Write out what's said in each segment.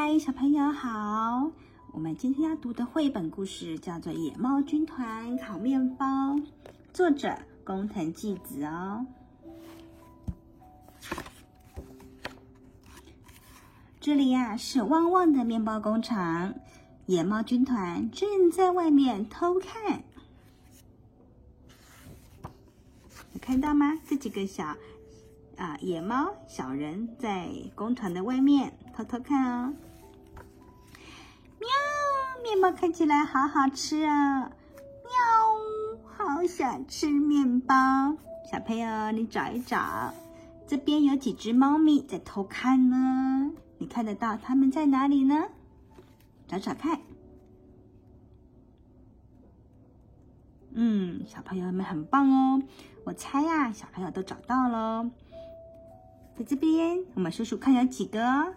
嗨，Hi, 小朋友好！我們今天要讀的繪本故事叫做《野貓軍團烤麵包》，作者工藤紀子哦。這裡呀、啊、是汪汪的麵包工廠，野貓軍團正在外面偷看，有看到嗎？這幾個小啊、呃、野貓小人在工廠的外面偷偷看哦。麵包看起來好好吃啊！喵，好想吃麵包。小朋友，你找一找，這邊有幾隻貓咪在偷看呢？你看得到它們在哪裡呢？找找看。嗯，小朋友們很棒哦！我猜呀，小朋友都找到了，在這邊，我們數數看有幾個。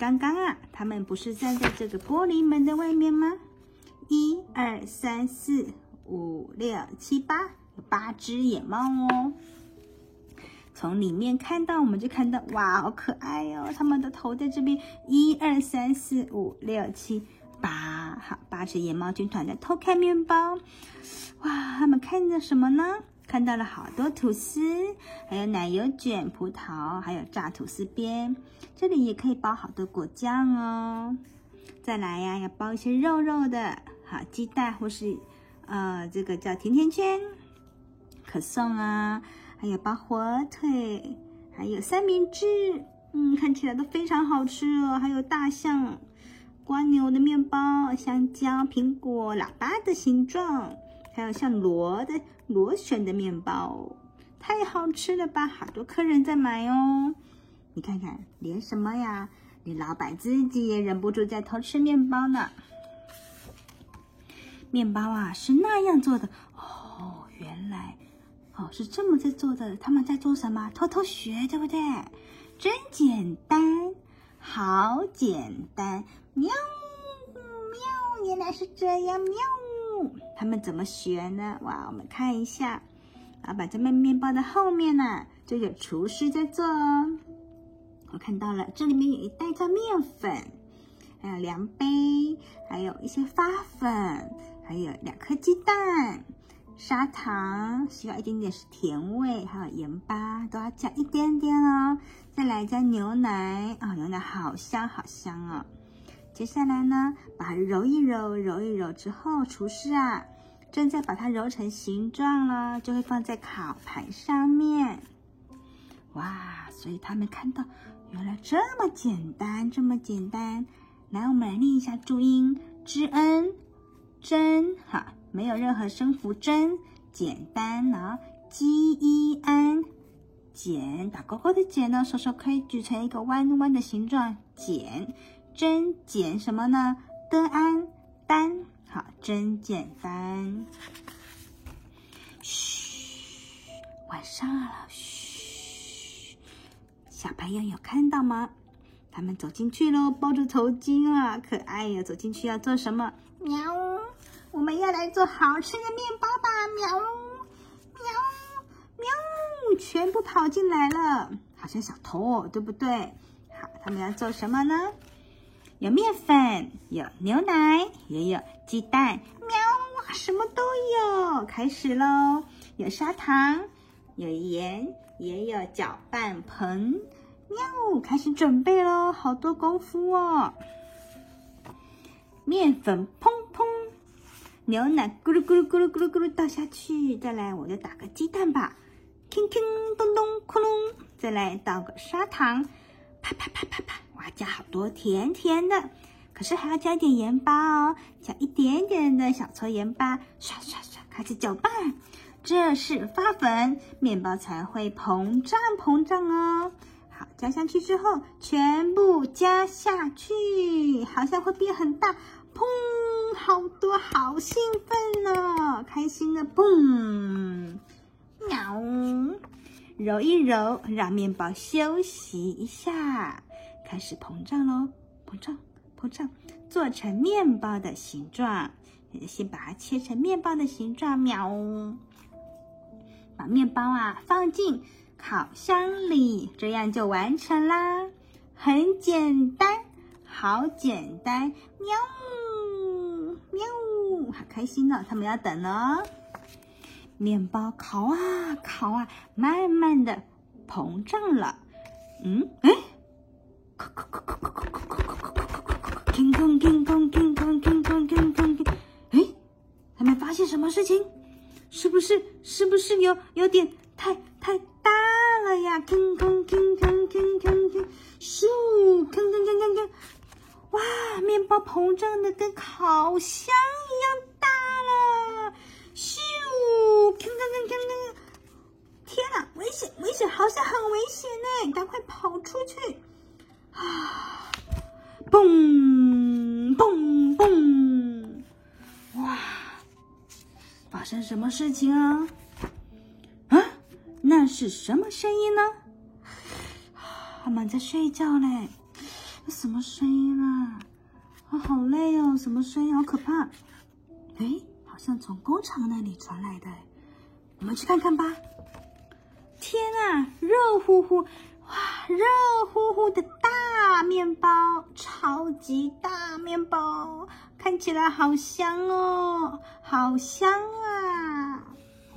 剛剛啊，他們不是站在這個玻璃門的外面嗎？一二三四五六七八，有八只野貓哦。從裡面看到，我們就看到，哇，好可愛喲、哦！他們的頭在這邊，一二三四五六七八，好，八只野貓軍團在偷看面包。哇，他們看着什麼呢？看到了好多吐司，還有奶油捲、葡萄，還有炸吐司邊。這裡也可以包好多果醬哦。再來呀，要包一些肉肉的，好，雞蛋，或是，呃，這個叫甜甜圈，可頌啊，還有包火腿，還有三明治。嗯，看起來都非常好吃哦。還有大象、蝸牛的麵包、香蕉、蘋果、喇叭的形狀。還有像螺、的螺旋的麵包，太好吃了吧！好多客人在買哦。你看看，連什麼呀？李老板自己也忍不住在偷吃麵包呢。麵包啊，是那樣做的哦。原來，哦，是這麼在做的。他們在做什麼？偷偷學，對不對？真簡單，好簡單。喵，喵，原來是這樣，喵。他們怎麼學呢？哇，我們看一下，把這面麵包的後面呢，就有廚師在做哦。我看到了，這裡面有一袋子麵粉，還有量杯，還有一些發粉，還有兩顆雞蛋，砂糖需要一點點是甜味，還有鹽巴都要加一點點哦。再來加牛奶，哦，牛奶好香好香哦。接下來呢，把它揉一揉，揉一揉之後，廚師啊正在把它揉成形狀了，就會放在烤盤上面。哇！所以他們看到，原來這麼簡單，這麼簡單。來，我們來練一下注音知恩。真，n 針，哈，沒有任何聲符，針，簡單啊。記一 n 剪，打勾勾的剪呢，手手可以舉成一個彎彎的形狀，剪。真簡什麼呢？燈安單好，真簡單。噓，晚上了。噓，小朋友有看到嗎？他們走進去嘍，包着頭巾啊，可愛呀、啊！走進去要做什麼？喵，我們要來做好吃的麵包吧。喵喵喵，喵，全部跑進來了，好像小偷哦，對不對？好，他們要做什麼呢？有麵粉，有牛奶，也有雞蛋。喵哇，什麼都有！開始嘍，有砂糖，有鹽，也有攪拌盆。喵，開始準備嘍，好多功夫哦。麵粉砰砰，牛奶咕嚕咕嚕咕嚕咕嚕咕嚕倒下去。再來，我就打個雞蛋吧。吭吭咚咚咕隆。再來倒個砂糖。啪啪啪啪啪！我要加好多甜甜的，可是還要加一點鹽巴哦，加一點點的小撮鹽巴，刷刷刷，開始攪拌。這是發粉，麵包才會膨脹膨脹哦。好，加上去之後，全部加下去，好像會變很大。砰！好多，好興奮哦！開心的，砰！喵。揉一揉，讓麵包休息一下，開始膨脹嘍！膨脹，膨脹，做成麵包的形狀。先把它切成麵包的形狀，喵！把麵包啊放進烤箱裡，這樣就完成啦！很簡單，好簡單，喵！喵，好開心哦！他們要等哦！麵包烤啊烤啊，慢慢的膨脹了。嗯哎，吭吭吭吭吭吭吭吭吭吭吭吭吭吭，吭吭吭吭吭吭吭吭吭，哎，還沒發現什麼事情？是不是？是不是有有點太太大了呀？吭吭吭吭吭吭咻！哇！麵包膨脹的跟烤箱一樣大了，咻！哦，天哪，危險危險，好像很危險呢！趕快跑出去！啊，蹦蹦蹦！哇，發生什麼事情啊？啊，那是什麼聲音呢？阿、啊、他們在睡覺嘞，什麼聲音啊？啊、哦，好累哦，什麼聲音？好可怕！哎。像從工廠那裡傳來的，我們去看看吧。天啊，熱乎乎，哇，熱乎乎的大麵包，超級大麵包，看起來好香哦，好香啊！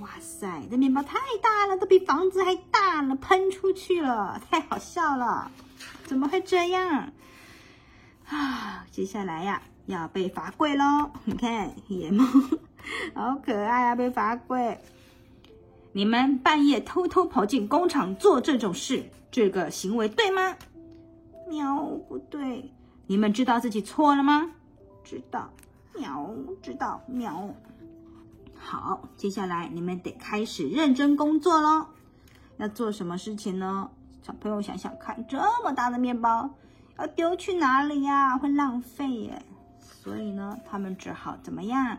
哇塞，這麵包太大了，都比房子還大了，噴出去了，太好笑了，怎麼會這樣？啊，接下來呀、啊，要被罰跪嘍！你看，野貓。好可愛啊，被罰跪。你們半夜偷偷跑進工廠做這種事，這個行為對嗎？喵，不對。你們知道自己錯了嗎？知道，喵，知道，喵。好，接下來你們得開始認真工作嘍。要做什麼事情呢？小朋友想想看，這麼大的面包要丟去哪裡呀？會浪費耶。所以呢，他們只好怎麼樣？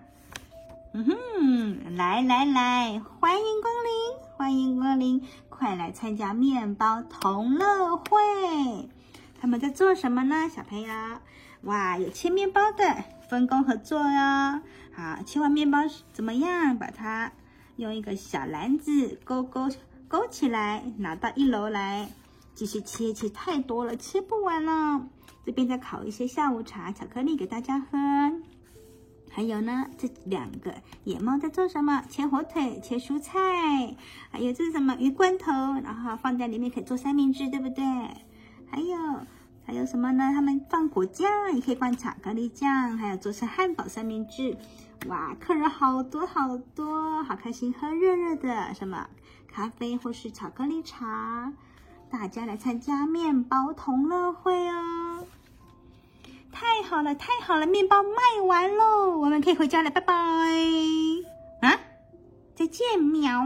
嗯哼，來來來，歡迎光臨，歡迎光臨，快來參加麵包同樂會！他們在做什麼呢，小朋友？哇，有切麵包的，分工合作喲、哦。好，切完麵包是怎麼樣？把它用一個小籃子勾勾勾，勾起來，拿到一樓來。繼續切切，太多了，切不完了。這邊再烤一些下午茶巧克力給大家喝。還有呢，這兩個野貓在做什麼？切火腿，切蔬菜。還有這是什麼？魚罐頭。然後放在裡面可以做三明治，對不對？還有還有什麼呢？他們放果醬，也可以放巧克力醬，還有做成漢堡三明治。哇，客人好多好多，好開心，喝熱熱的什麼咖啡或是巧克力茶。大家來參加面包同樂會哦。好了，太好了，麵包賣完嘍，我們可以回家了，拜拜。啊，再見，喵。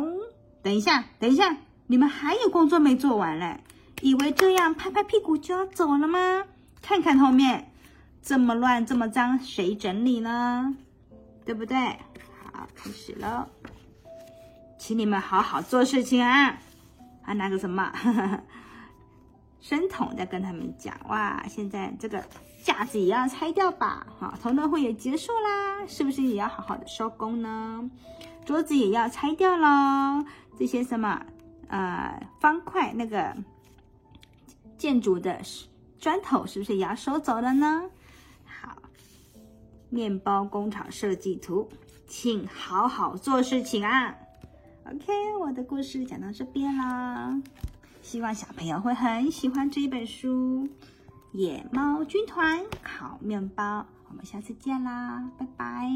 等一下，等一下，你們還有工作沒做完嘞，以為這樣拍拍屁股就要走了嗎？看看後面，這麼亂，這麼髒，誰整理呢？對不對？好，開始嘍，請你們好好做事情啊。還、啊、拿個什麼？深 桶，在跟他們講哇，現在這個。架子也要拆掉吧，好，同樂會也結束啦，是不是也要好好的收工呢？桌子也要拆掉嘍，這些什麼啊、呃，方塊那個建築的磚頭，是不是也要收走了呢？好，麵包工廠設計圖，請好好做事情啊。OK，我的故事講到這邊啦，希望小朋友會很喜歡這一本書。野貓軍團烤麵包，我們下次見啦，拜拜。